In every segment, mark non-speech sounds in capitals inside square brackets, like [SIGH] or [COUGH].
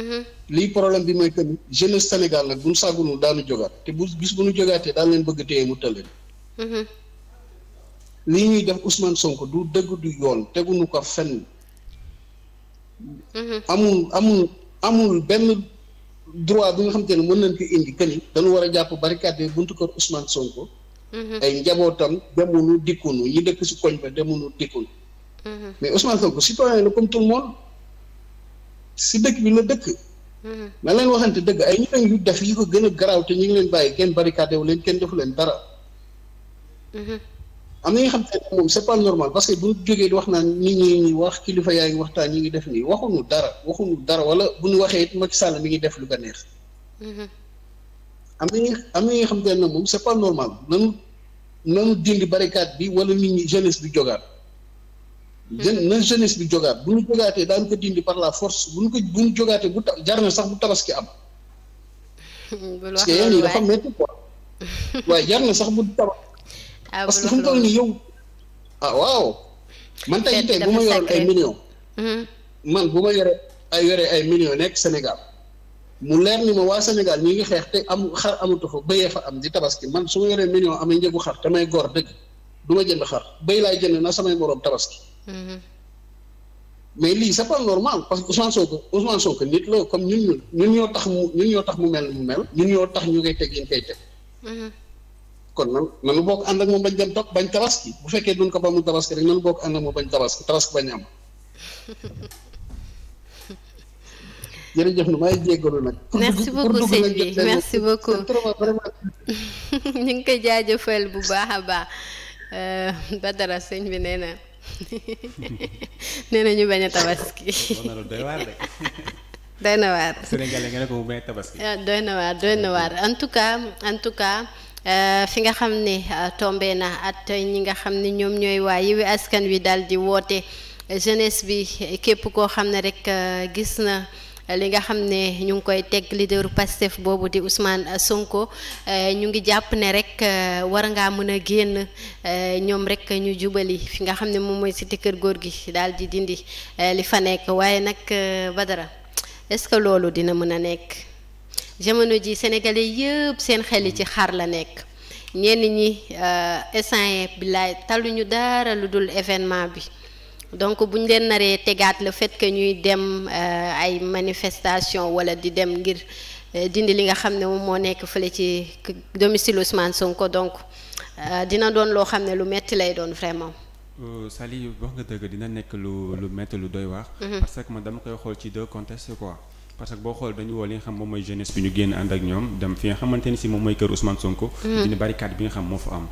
Mm-hmm. lii problème bi mooy que jeunesse Sénégal nag bu nu sàggunul daanu jógaat te bu bis bu nu jógaatee daan leen bëgg téye mu tële. Mm-hmm. lii ñuy def Ousmane Sonko du dëgg du yoon teguñu ko fenn. Mm-hmm. amul amul benn droit bi nga xam te ne mën nañ ko indi que ni war a jàpp barricade buntu kër Ousmane Sonko. ay njabootam demunu dikkunu ñi dëkk si koñ ba demunu dikkunu. mais Ousmane Sonko citoyen la comme tout le si dëkk bi la dëkk. Hmm. na leen waxante dëgg ay ñeneen yu def yi ko gën a garaaw te ñu ngi leen bàyyi kenn barricade wu leen kenn defu leen dara. Hmm. am na ñi xam ne moom c'est pas normal parce que bu ñu jógee di wax naan nit ñi ñuy wax kilifa yaa ngi waxtaan ñi ngi def nii waxuñu dara waxuñu dara wala bu ñu waxee it Macky mi ngi def lu ko neex. Hmm. am na ñi am na ñi xam ne moom c'est pas normal nanu nanu dindi barricade bi wala nit ñi jeunesse bi jógaat. jën na jeunesse bi jogaat bu ñu jogaatee daañu ko dindi par la force bu ñu ko bu ñu jogaatee bu ta jar na sax bu tabaski am. [LAUGHS] parce que yéen ñi dafa métti [LAUGHS] waaye jar na sax bu tabax. Ah, parce que fu mu yow. ah waaw. man tey tey bu ma yoroon ay millions. Mhm. man bu ma yore ay yore ay millions nekk Sénégal. mu leer ni ma waa Sénégal ñi ngi xeex te am amatu fa béyee fa am di tabaski man su ma yoree million amee njëgu xar te may gor dëgg du ma jënd xar béy laay jënd na samay moroom tabaski. Mm-hmm. mais lii c'est pas normal parce que Ousmane Sonko Ousmane Sonko nit la comme ñun ñun ñun ñoo tax mu ñun ñoo tax mu mel mu mel ñun ñoo tax ñu koy teg yi ñu koy teg mm-hmm. kon na nanu bokk ànd ak moom bañ dem topp bañ tabaski bu fekkee duñ ko ba mu tabaski rek nanu bokk ànd ak moom bañ tabaski tabaski bañ am [LAUGHS] jërëjëf nu may jéggalu nag. merci beaucoup sëñ bi merci beaucoup ñu ngi koy jaajëfal bu baax a baax euh, Badara sëñ bi nee na. nee [LAUGHS] ne ko bu tabaski. Ah, doy na waar doy na waar en tout cas en tout cas. Uh, fi nga xam ne uh, tombe na at ñi nga xam ne ñoom ñooy waa Yewwi Askan Wi daal di woote jeunesse bi képp koo xam ne rek uh, gis na li nga xam ne ñu ngi koy teg leader Pastef boobu di Ousmane Sonko eh, ñu ngi jàpp ne rek eh, war a ngaa mën a génn eh, ñoom rek ñu jubali fi nga xam ne moom mooy cité kër góor gi daal di dindi li fa nekk waaye nag Badara est-ce que loolu dina mën a nekk jamono ji sénégalais yëpp seen xel yi ci xar la nekk ñenn ñi instant billaay ñu dara lu dul événement bi. donc bu ñu leen naree tegaat le fait que ñuy dem euh, ay manifestation wala di dem ngir euh, dindi li nga xam ne moom moo nekk fële ci domicile Ousmane ko donc euh, dina doon loo xam ne lu metti lay doon vraiment. Sali wax nga dëgg dina nekk lu lu metti lu doy waar. Mhm. parce que man dama koy xool ci deux contextes quoi. parce que boo xool dañu woo li nga xam moom mooy jeunesse bi ñu génn ànd ak ñoom dem fi nga xamante ni si moom mooy kër Ousmane Sonko. Mhm. dina barricade bi nga xam moo fa am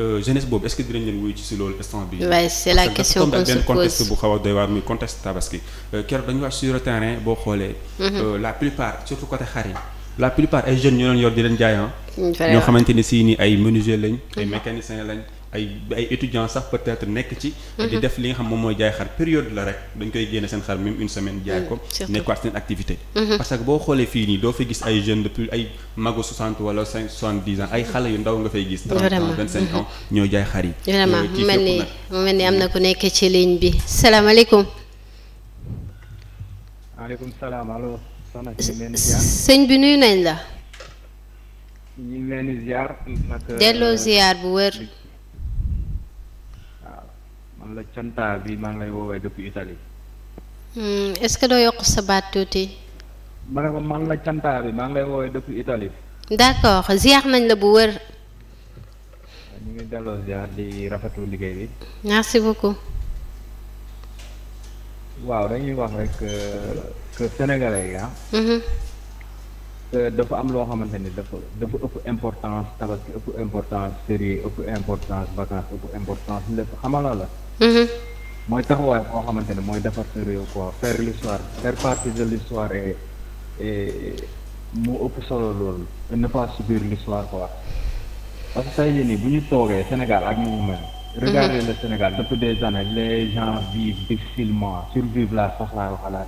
Euh, jeunesse boobu est-ce que dinañ leen wuyu ci si loolu instant bi waaye c'est la question qu'on bu xaw a doy muy contexte tabaski euh, keroog dañu wax sur terrain boo xoolee. Mhm. Euh, la plupart surtout côté xar yi la plupart ay jeunes ñu doon yor di leen jaay ah. ñoo xamante ni si ni ay menuisier lañ. ay mhm. mécaniciens lañ. ay ay étudiants sax peut-être nekk ci. Mhm. di def li nga xam moom mooy jaay xar période la rek dañ koy génne seen xar même une semaine. jaay mhm, ko nekkaat seen activité. Mhm. parce que boo xoolee fii nii doo fay gis ay jeunes de plus ay magu 60 wala 5 70 yu ndaw nga fay gis. 30 ans ñoo jaay xar yi. vraiment mu mel ni mu mel ni am na ku nekk ci bi salaamaaleykum. maaleykum salaam allo. sëñ bi nuyu nañ la. ñu delloo ziar bu wër. man la canta bi maa ngi lay woowee depuis Italie. Hmm, est-ce que doo yokk sa baat tuuti. ma ne man la canta bi maa ngi lay woowee dëpp Italie. d'accord ziar nañ la bu wër. ñu ngi delloo ziar di rafetlu liggéey bi. merci beaucoup. waaw dañuy wax rek euh, que sénégalais dafa am loo xamante ni dafa dafa ëpp importance tabaski ëpp importance série ëpp importance vacances ëpp importance lépp xamaloo la. Mm-hmm. mooy taxawaay boo xamante ne mooy defar sa réew quoi faire l'histoire faire partie de l'histoire mu ëpp solo loolu ne pas subir l'histoire quoi parce que tey jii nii bu ñu toogee Sénégal ak ni mu mel. Mm-hmm. regardez le Sénégal depuis des années les gens vivent difficilement survivent la soxla à la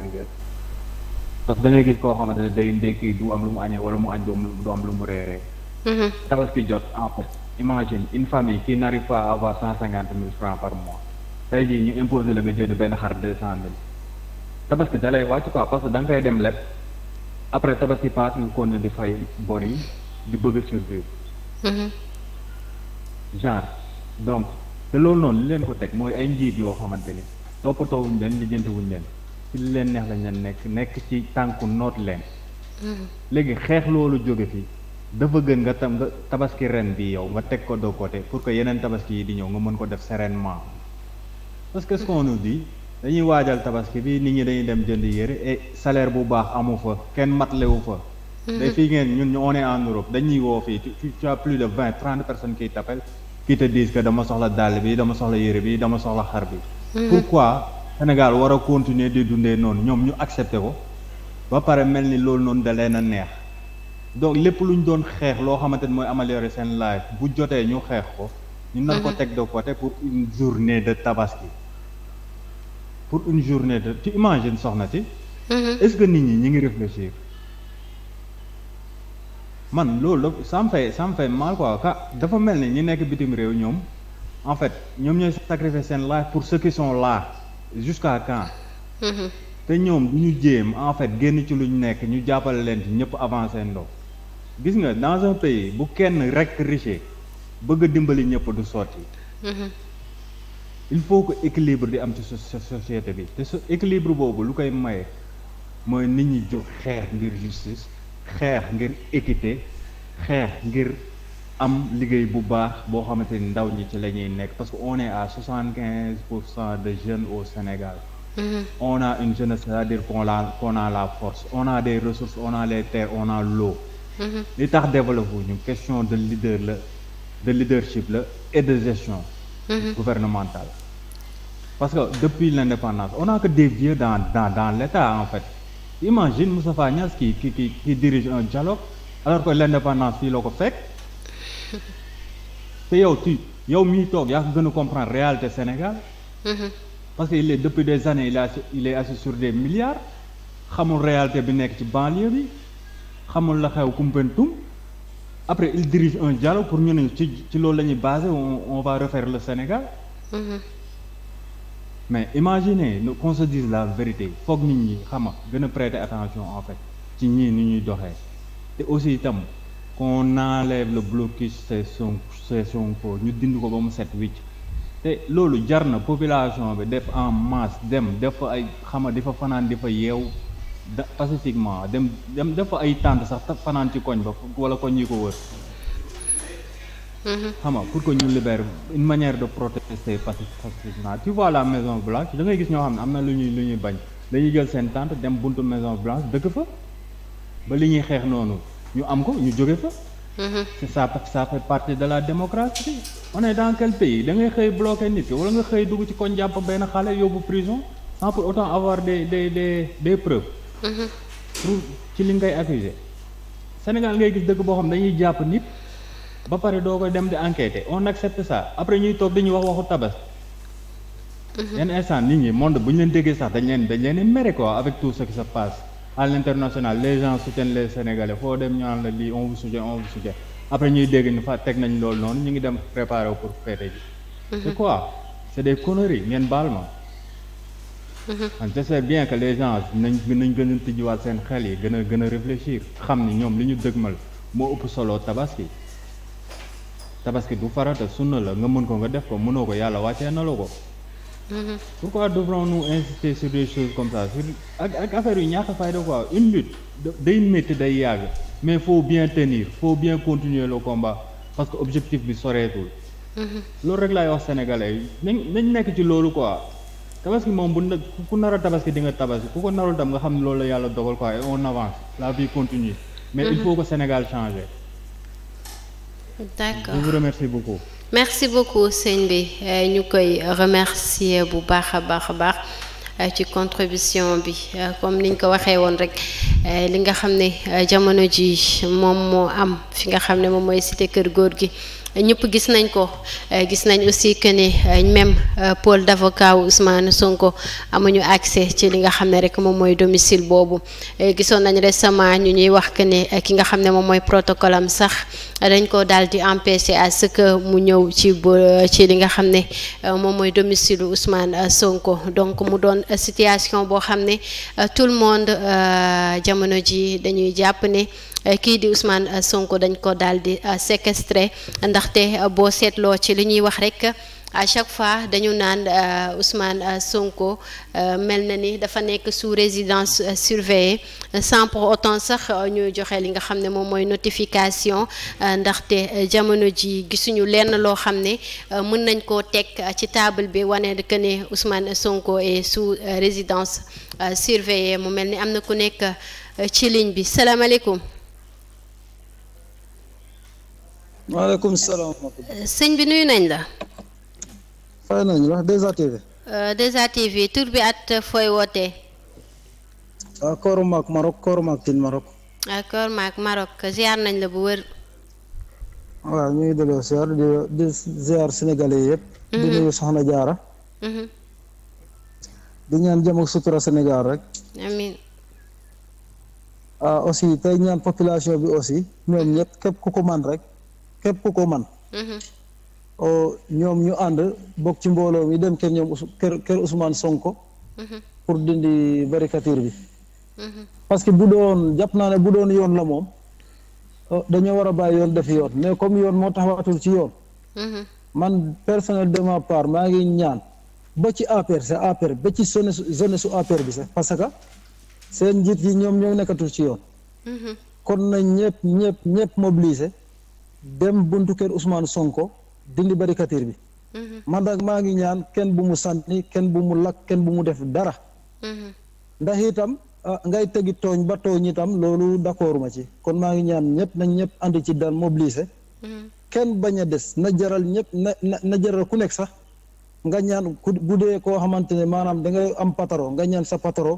parce que da gis koo xamante ne day ndékki du am lu mu añee wala mu añ du am lu mu reeree. Mm-hmm. tabaski jot en fait imagine une famille qui n'arrive pas à avoir cent cinquante mille francs par mois tey jii ñu imposer la nga jënd benn xar deux cent mille tabaski da lay wàcc quoi parce que da nga koy dem leb après tabaski paas nga continuer di fay bor yi di bëgg survivre mm-hmm. genre donc te loolu noonu li leen ko teg mooy ay njiit yoo xamante ni toppatoo wuñ leen lijjanti wuñ leen ci li leen neex lañ leen nekk nekk ci tànku noot leen hmm. léegi xeex loolu jóge fi dafa gën nga tam nga tabaski ren bi yow nga teg ko de côté pour que yeneen tabaski yi di ñëw nga mën ko def sereinement parce que ce qu'on nous dañuy waajal tabaski bi nit ñi dañuy dem jënd yére et salaire bu baax amu fa kenn matlewu fa day hmm. fii ngeen ñun on est en Europe dañuy woo fii tu as plus de vingt trente personnes qui t'appellent qui te disent que dama soxla dàll bi dama soxla yére bi dama soxla xar Sénégal war a continuer di dundee noonu ñoom ñu accepté ko ba pare mel ni loolu noonu da leen a neex donc lépp lu ñu doon xeex loo xamante ni mooy améliorer seen life bu jotee ñu xeex ko ñu nar ko mhm. teg de te pour une journée de tabaski pour une journée de tu imagines soxna si mhm. est-ce que nit ñi ñi ngi réfléchir man loolu la ça me fait ça me dafa mel ni ñi nekk bitim réew ñoom en fait ñoom ñooy sacrifier seen life pour ceux qui là jusqu'à quand. Mm-hmm. te ñoom du ñu jéem en fait génn ci lu ñu nekk ñu jàppale leen ci ñëpp avancé ndox gis nga dans un pays bu kenn rek riche bëgg dimbali ñëpp du sotti. Mm-hmm. il faut que équilibre di am ci société bi te su équilibre boobu lu koy may mooy nit ñi jóg xeex ngir justice xeex ngir équité xeex ngir. am liggéey bu baax boo xamante ni ndaw ñi ci la ñuy nekk parce que on est à soixante quinze pour cent de jeunes au Sénégal. Mm-hmm. on a une jeunesse c'est-à-dire qu'on a la force on a des ressources on a les terres on a l'eau mm-hmm. li tax développé ñu question de leader la de leadership la et de gestion mm gouvernementale parce que depuis l'indépendance on a que des vieux dans dans dans l'État en fait imagine Moustapha Niasse qui qui qui dirige un dialogue alors que l'indépendance fii la ko te yow ti yow mii toog yaa ko gën a comprendre réalité Sénégal. Mm-hmm. parce que il est depuis des années il est assis il des milliards xamul réalité bi nekk ci banlieue bi xamul la xew Koumpentoum après il dirige un jalo pour ñu ne ci ci loolu la ñuy basé on va refaire le Sénégal. Mm-hmm. mais imaginez qu'on se dise la vérité foog nit ñi xama gën a prêter attention en fait ci ñii ni ñuy doxee te aussi itam. qu'on enlève le blocus c'est son c'est Sonko ñu dind ko ba mu set wicc te loolu jar na population bi def en masse dem def fa ay xama di fa fanaan di fa yeew da pacifiquement dem dem def fa ay tànt sax fanaan ci koñ ba wala koñ yi ko wër mm-hmm. xama pour que ñu libère une manière de protester pacifiquement tu vois la Maison Blanche da ngay gis ñoo xam ne am na lu ñuy lu ñuy bañ dañu jël seen tànt dem buntu Maison Blanche dëkk fa ba li ñuy xeex noonu ñu am ko ñu jóge fa. Mm-hmm. c'est ça ça sa parti de la démocratie. on est dans pays da ngay xëy bloqué nit ki wala nga xëy dugg ci koñ jàpp benn xale yóbbu prison sans pour autant avoir des des des des preuves. Mm-hmm. pour ci li ngay accusé. Sénégal ngay gis dëkk boo xam dañuy jàpp nit ba pare doo ko dem di enquêter on accepte ça après ñuy toog dañuy wax waxu tabas. Mm-hmm. yenn instant nit ñi monde bu ñu leen déggee sax dañ leen dañ leen mere quoi avec tout ce qui sa passe. à l'international les gens soutiennent les sénégalais foo dem ñu naan la lii on vous soutient on vous soutient après ñuy dégg ni fa teg nañ loolu noonu ñu ngi dem préparer pour fête ji mm-hmm. c'est quoi c'est des conneries ngeen baal ma man mm-hmm. bien que les gens nañ nañ gën a tijjiwaat seen xel yi gën a gën a réfléchir xam ni ñoom li ñu dëgmal moo ëpp solo tabaski tabaski du farata sunna la nga mën ko nga def ko mënoo ko yàlla wàccee na la ko pourquoi devrons-nous insister sur des choses comme ça sur ak ak affaire yu ñàkk fayda quoi une lutte day métti day yàgg mais faut bien tenir faut bien continuer le combat parce que objectif bi soreetul loolu rek laay wax sénégalais yi nañ nañ nekk ci loolu quoi tabaski moom bu ku nar a tabaski di nga tabaski ku ko narul tam nga xam ne loolu la yàlla dogal quoi et on avance la vie continue mais il faut que Sénégal change d'accord remercie beaucoup merci beaucoup sëñ bi euh, ñu koy remercier bu baax a baax a baax euh, ci contribution bi euh, comme niñ ko waxee woon rek li nga xam ne jamono ji moom moo am fi nga xam ne moom mooy cité kër góor gi ñëpp gis nañ ko eh, gis nañ aussi que ni eh, même eh, pôle d'avocat wu Ousmane Sonko amuñu accès ci li nga xam ne rek moom mooy domicile boobu gisoon nañu nañ récemment ñu ñuy wax que ni ki nga xam ne moom mooy protocole am sax dañ ko daal di empêcher à mu ñëw ci ci li nga xam ne moom mooy domicile Ousmane Sonko donc mu doon situation boo xam ne tout le monde jamono ji dañuy jàpp ne Eh, kii di Ousmane eh, Sonko dañ ko daal di eh, séquestré ndaxte boo seetloo ci li ñuy wax rek à chaque fois dañu naan Ousmane Sonko mel na ni dafa nekk sous résidence surveillée sans pour sax ñu joxe li nga xam ne moom mooy notification ndaxte jamono ji gisuñu lenn loo xam ne mën nañ koo teg ci table bi wane que ne Ousmane Sonko est sous résidence surveillée mu mel ni am na ku nekk ci ligne bi salaamaaleykum. maaleykum salaam. Euh, sëñ bi nuyu nañ la. fay nañ la 2A TV. 2A euh, TV tur bi at fooy wootee. waaw Kooru Maak Maroc Kooru Maak Tine Maroc. waaw euh, nañ la bu wër. waaw ñu ngi delloo ziar di di ziar yëpp. di mhm. nuyu Soxna Jaara. Mhm. di ñaan jëm ak sutura Sénégal rek. amiin. ah aussi tey ñaan population bi aussi ñoom ñëpp képp ku ko man rek. képp ko man mm-hmm. ñoom ñu ànd bokk ci mbooloo mi dem kër ñoom kër kër Ousmane Sonko mm-hmm. pour dindi barikatir bi mm-hmm. parce que bu doon jàpp naa ne bu doon yoon la moom dañoo war a bàyyi yoon def yoon mais comme yoon moo tax taxawaatul ci yoon man personnel de ma part maa ngi ñaan ba ci APR sa APR ba ci zone zone su APR bi sax parce que seen njiit yi ñoom ñoo nekkatul ci yoon kon na ñëpp ñëpp ñëpp mobiliser dem buntu kër Ousmane Sonko dindi barikatir bi. Mhm. man nag maa ngi ñaan kenn bu mu sànni kenn bu mu lakk kenn bu mu def dara. Mhm. ndax itam ah, ngay tegi tooñ ba tooñ itam loolu d'accord ma ci kon maa ngi ñaan ñëpp nañ ñëpp ànd ci daan mobiliser. Mhm. kenn bañ a des na jaral ñëpp na na jaral ku nekk sax nga ñaan ku bu koo xamante ne maanaam da ngay am pataro nga ñaan sa pataro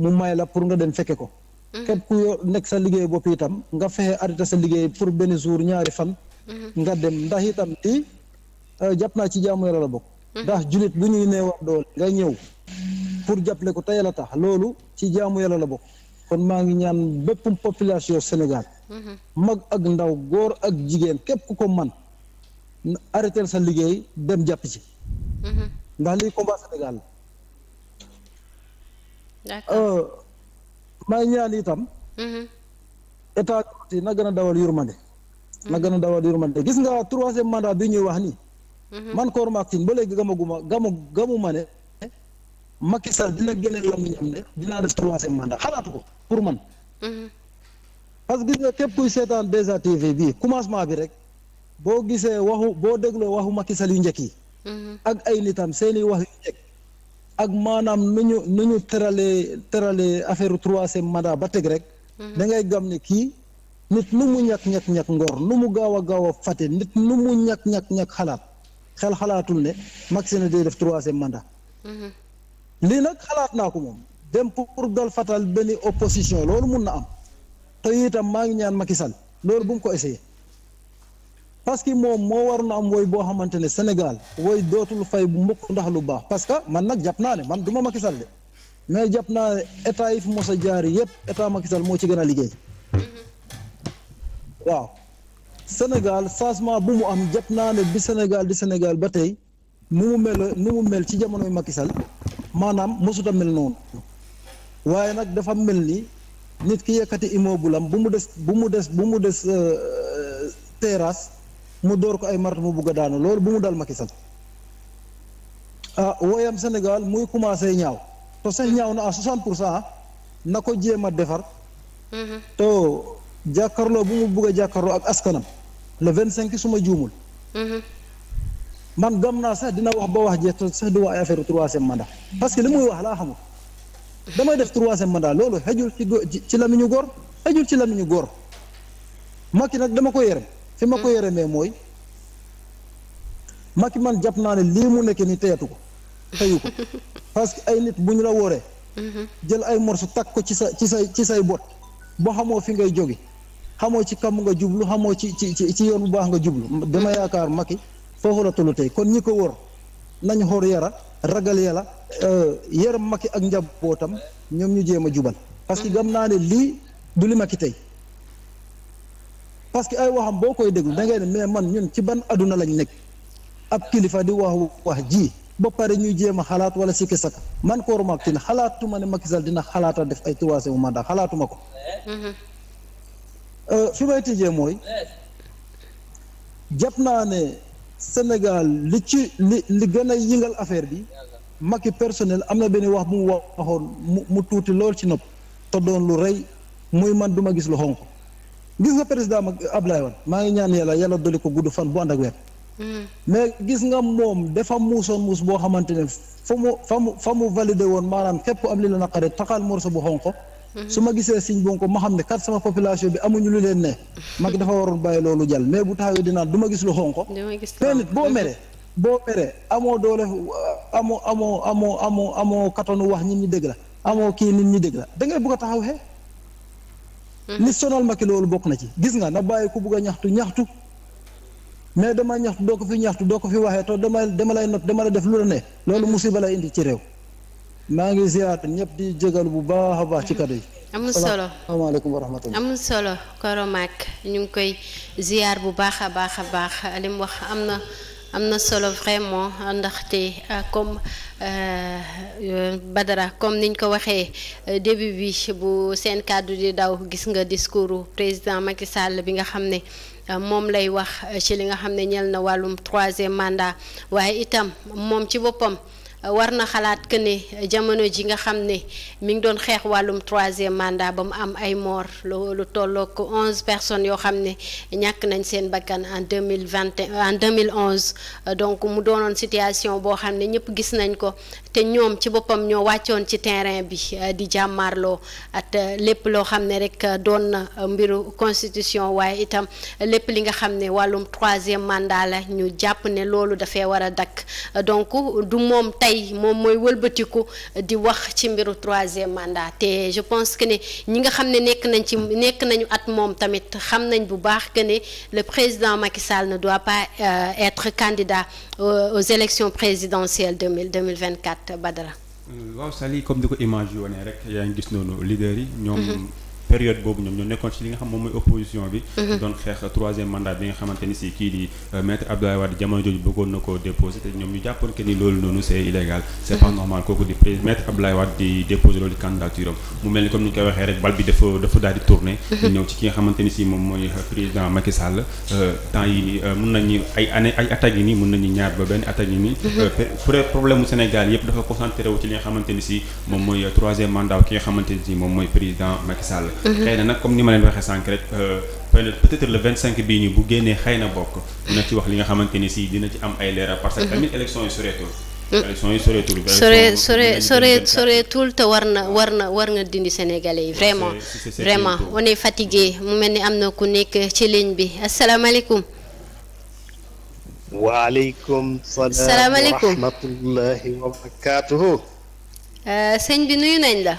mu may la pour nga dem fekke ko. Mhm. képp ku nekk sa liggéey bopp itam nga fexe arrêté sa liggéey pour benn jour ñaari fan mhm. nga dem ndax itam ti euh, jàpp naa ci jaamu yàlla la bokk mhm. ndax jullit bu ñuy nee wax doole nga ñëw pour jàppale ko te la tax loolu ci jaamu yàlla la bokk kon maa ngi ñaan bépp population Sénégal mag ak ndaw góor ak jigéen képp ku ko man arrêté sa liggéey dem jàpp ci ndax lii combat Sénégal la maa ñaan itam. Mm-hmm. état bi na gën a dawal yurmande. na gën a dawal yurmande gis nga troisième mandat bi ñuy wax ni mm-hmm. man Kor Martin ba léegi gamaguma gamu gamu ma ne. Macky Sall dina génne làmmiñam ne dinaa def troisième mandat xalaatu ko pour man. Mm-hmm. parce que gis nga képp kuy seetaan 2A TV bii commencement bi rek boo gisee waxu boo dégloo waxu Macky Sall yu njëkk yi. ak ay nitam seeni wax yu njëkk ak maanaam nu ñu nu ñu tëralee tëralee affaire troisième mandat ba teg rek. Mhm. da ngay gam ne kii nit lu mu ñàkk ñàkk ñàkk ngor nu mu gaaw a gaaw a nit lu mu ñàkk ñàkk ñàkk xalaat xel xalaatul ne Macky Sall day def troisième mandat. Mhm. lii nag xalaat naa ko moom dem pour dal fatal benn opposition loolu mun na am te itam maa ngi ñaan Macky Sall loolu bu mu ko essayé. parce que moom moo na am woy boo xamante ne Sénégal woy dootul fay bu mukk ndax lu baax parce que man nag jàpp naa ne man du ma Macky de mais jàpp naa ne état yi fi mos a jaar yëpp état Macky moo ci gën a liggéey mm-hmm. waaw Sénégal changement bu mu am jàpp naa ne bi Sénégal di Sénégal ba tey nu mu mel nu ci jamonoy Macky maanaam mosut a mel noonu waaye nag dafa mel ni nit ki yëkkati immeuble bu mu des bu mu des bu mu des euh, mu door ko ay mart mu bugg a daanu loolu bu mu dal Macky Sall ah wooyam Sénégal muy commencé ñaaw te sax ñaaw na à 60 pour cent na ko jéem a defar. Mhm. te jàkkaarloo bu mu bugg a jàkkaarloo ak askanam le cinq su ma juumul. Mhm. man gam naa sax dina wax ba wax jeex sax du wax ay affaire troisième mandat parce que li muy wax laa xamul damay def troisième mandat loolu xejul ci ci lamiñu góor xejul ci lamiñu góor Macky nag dama ko yërëm. fi ma ko hmm. yërëmee mooy Macky man jàpp naa ne lii mu nekk ni teyatu ko teyu ko [LAUGHS] parce que ay nit bu ñu la wooree hmm. jël ay morceau takk ko ci sa ci say ci say bot boo xamoo fi ngay jóge xamoo ci kam nga jublu xamoo ci ci ci yoon bu baax nga jublu hmm. dama yaakaar Macky foofu la tollu tey kon ñi ko wër nañ xool yara ragal yàlla euh, yaram Macky ak njabootam ñoom ñu jéem a jubal parce que gam naa ne lii du li Macky tey parce que ay waxam boo koy déglu da ne mais man ñun ci ban aduna lañ nekk ab kilifa di wax wax ji ba pare ñuy jéem a xalaat wala sikki saka man Koro Mack xalaatuma ne Macky Sall dina xalaata def ay troisième mandat xalaatuma ko. Mm-hmm. Euh, fi may tijjee mooy jàpp naa ne Sénégal li ci li li gën a yëngal affaire bi Macky personnel am na benn wax bu mu waxoon mu tuuti lool ci nopp te doon lu rey muy man duma gis lu xonq gis nga président mag Ablaye woon maa ngi ñaan yàlla yàlla dolli ko gudd fan bu ànd ak weer. Hmm. mais gis nga moom dafa muusoon muus boo xamante ne fa mu fa mu fa mu validé woon maanaam képp am li la naqare taxal morso bu xonq hmm. su ma gisee siñ bon ma xam ne kat sama population bi amuñu lu leen ne. [LAUGHS] mag dafa waroon bàyyi loolu jàll mais bu taxawee dinaa du ma gis lu xonq te nit boo mere boo meree amoo doole amoo amoo amoo amoo amoo kattanu wax nit ñi dégg la amoo kii nit ñi dégg la da ngay taxaw xee li mhm. sonal Macky loolu bokk na ci gis nga na bàyyi ku bugg a ñaxtu ñaxtu mais dama ñaxtu doo ko fi ñaxtu doo ko fi waxee te dama dama lay not dama la def lu la ne loolu musiba lay indi ci réew maa ngi ziar ñëpp di jégal bu baax a baax ci kàddu yi. amul solo salaamaaleykum wa rahmatulah. amul solo Koromack ñu ngi koy ziar bu baax a baax a baax li wax am na. am na solo vraiment ndaxte euh, comme euh, euh, Badara comme niñ ko waxee début bi bu seen kàddu di daw gis nga discours président Macky Sall bi nga xam ne moom lay wax ci li nga xam ne ñel na wàllum troisième mandat waaye itam moom ci boppam. war na xalaat que ne jamono ji nga xam ne mu ngi doon xeex wàllum troisième mandat ba mu am ay mort lu lu tollook onze personnes yoo xam ne ñàkk nañ seen bakkan en deux mille vingt en deux mille onze donc mu doonoon situation boo xam ne ñëpp gis nañ ko te ñoom ci boppam ñoo wàccoon ci terrain bi euh, di jàmmarloo at euh, lépp loo xam ne rek euh, doon na mbiru constitution waaye itam lépp li nga xam ne wàllum troisième mandat la ñu jàpp ne loolu dafee war a dakk donc du moom tey moom mooy wëlbatiku di wax ci mbiru troisième mandat te je pense que ne ñi nga xam ne nekk nañ ci nekk nañu at moom tamit xam nañ bu baax que ne le président Macky Sall ne doit pas être candidat Euh, aux élections présidentielles deux mille deux mille vingt quatre Badara. Euh, waaw Sali comme ni ko image yi wane rek yaa ngi gis noonu leader yi ñoom. Mhm. période boobu ñoom ñoo nekkoon ci li nga xam moom mooy opposition bi mhm. doon xeex troisième nga xamante si kii di euh, maître Abdoulaye ko déposé ñoom ñu jàppoon que ni loolu noonu c'est illégal c'est mhm. pas normal kooku di mhm. ki nga xamante si moom mooy euh, président Macky Sall euh, temps yi nii mun nii mun nañu ñaar ba benn attaque yi nii problème mu Sénégal yëpp dafa concentré wu nga xamante si moom mooy troisième mandat ki nga xamante ni si moom mooy président Macky Sall xëy na nag comme ni ma leen waxee sànq rek euh, peut-être le bii ñu bu génnee xëy na bokk dina ci wax li nga xamante ni sii dina ci am ay leeral parce que mhm. tamit élection yi soreetul mhm. soreetul sore sore te war na war na war nga dindi sénégalais yi vraiment vraiment on est fatigué mu mel ni am na ku nekk ci ligne bi asalaamaaleykum waaleykum salaam wa rahmatullahi wa barakatuhu euh, sëñ bi nuyu nañ la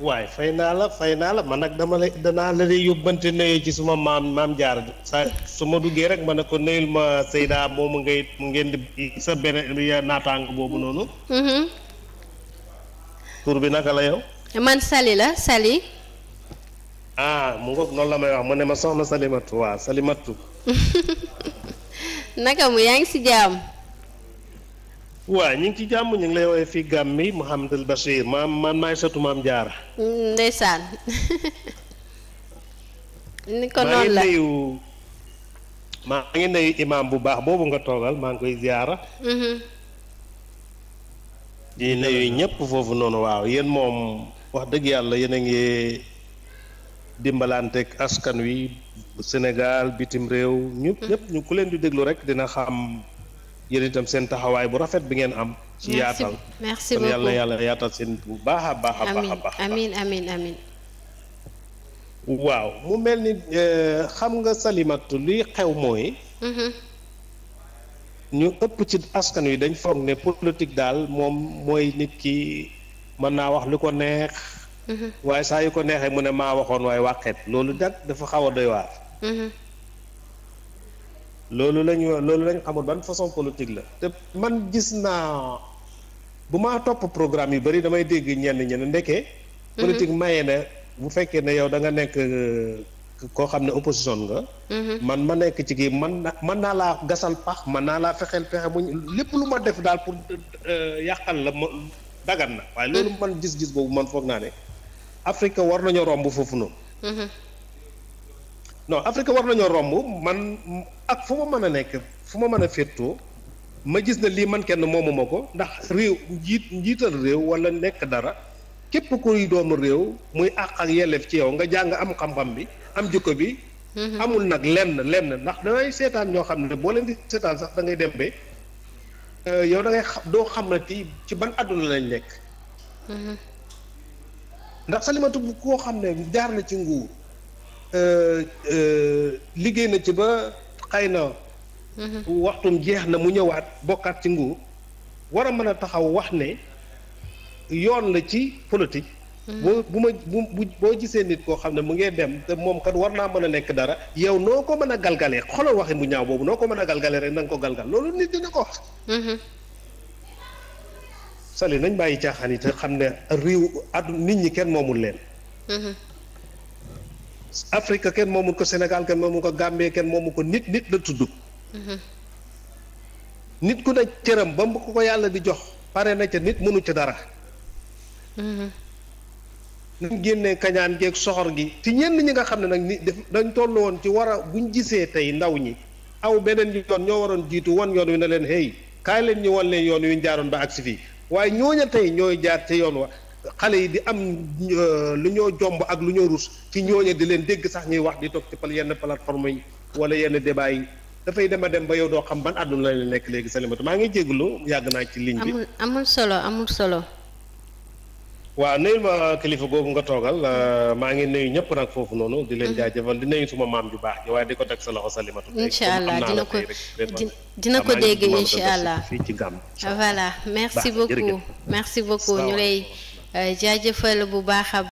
waaye fay naa la fay naa la man nag dama lay danaa la lay yóbbante nuyu ci suma maam maam jaar sa su ma duggee rek ma ne ko nuyul ma Seyda moomu ngay mu sa beneen naataango boobu noonu. Mm-hmm. tur bi naka la yow. man Sali la Sali. ah mu ngoog noonu la may wax mu ne ma soxna Salimatu waaw Salimatu. [LAUGHS] naka mu yaa ngi si jaam. waa ñu ngi ci jàmm ñu ngi lay woowee fii Gàmbi Mouhamadul Bachir maam man maay satu maam Jaara. ndeysaan. [LAUGHS] ni maa ngi nuyu maa ngi nuyu imaam bu baax boobu nga toogal maa ngi koy ziyaara. Mm-hmm. di nuyu ñëpp foofu noonu waaw yéen moom wax dëgg yàlla yéen a ngi dimbalanteeg askan wi Sénégal bitim réew. ñëpp ñëpp ñu ku leen di déglu rek dina xam. yéen itam seen taxawaay bu rafet bi ngeen am. ci yaatal merci beaucoup kon yàlla yàlla yaatal seen bu baax a baax. a baax amiin amiin amiin. waaw mu mel ni euh, xam nga salimatu luy xew mooy. Mm-hmm. ñu ëpp ci askan wi dañ foog ne politique daal moom mooy nit ki mën naa wax lu ko neex. Mm-hmm. waaye saa yu ko neexee mu ne maa waxoon waaye wàqeet loolu nag dafa xaw a doy loolu lañu loolu lañ xamul ban façon politique la te man gis naa bu maa topp programme yu bëri damay dégg ñenn ñenn ndekee mhm. politique maye ne bu fekkee ne yow da nga nekk euh, koo xam ne opposition nga mhm. man ma nekk ci kii man na mën naa laa gasal pax man naa laa fexeel pexe mu lépp lu ma def daal pour euh, yàqal la ma dagan na waaye loolu mhm. man gis-gis boobu man foog naa ne Afrique war nañoo romb foofu noonu non Afrique war nañoo romb man ak fu ma mën a nekk fu ma mën a féetoo ma gis na lii man kenn moomuma ko ndax réew njiit njiital réew wala nekk dara képp kuy doomu réew muy àq ak yelleef ci yow nga jàng am xam-xam bi am jikko bi. Mhm. amul nag lenn lenn ndax dangay seetaan ñoo xam ne boo leen di seetaan sax da ngay dem ba euh, yow da ngay doo xam ne ci ban àdduna lañ nekk. Mhm. ndax salimatu koo xam ne jaar na ci nguur. Euh, euh, liggéey na ci ba xëy na. waxtum jeex na mu ñëwaat bokkaat ci nguur war a mën a taxaw wax ne yoon la ci politique. Mm-hmm. boo bu ma bu boo gisee nit koo xam ne mu ngee dem te moom kat war naa mën a nekk dara. yow noo ko mën a galgalee xoolal waxin bu ñaaw boobu noo ko mën a galgalee rek na nga ko galgal loolu nit dina ko wax. Mm-hmm. sali nañ bàyyi caaxaan yi te xam ne réew at nit ñi kenn moomul leen. Mm-hmm. Afrique kenn moomu ko Sénégal kenn moomu ko Gambie kenn moomu ko nit nit la tudd. Mhm. nit ku ne cëram ba mu ko ko yàlla di jox pare na ca nit mënu ca dara. Mhm. nañ génnee kañaan geeg soxor gi ci ñenn ñi nga xam ne nag ni dañ toll woon ci war a buñ gisee tey ndaw ñi aw beneen yoon ñoo waroon jiitu won yoon wi na leen hey kaay leen ñu wan leen yoon wi ñu jaaroon ba agsi fii waaye ñooña tey ñooy jaar ca yoon wa xale yi di am euh, lu ñoo jomb ak lu ñoo rus ci ñooñe di leen dégg sax ñuy wax di toog ci pal yenn plateforme yi wala yenn débat yi dafay dema dem ba yow doo xam ban àdduna la nekk léegi Salimata maa ngi jégalu yàgg naa ci ligne bi amul amul solo amul solo. waaw nuyu kilifa googu nga toogal euh, maa ngi nuyu ñëpp nag foofu noonu. di leen mm-hmm. jaajëfal di nuyu suma maam ju baax ji waaye di ko teg sa loxo Salimata. incha allah dina ko dina ko dégg incha allah. merci beaucoup merci beaucoup ñu lay. Euh, jaajëfal bu baax a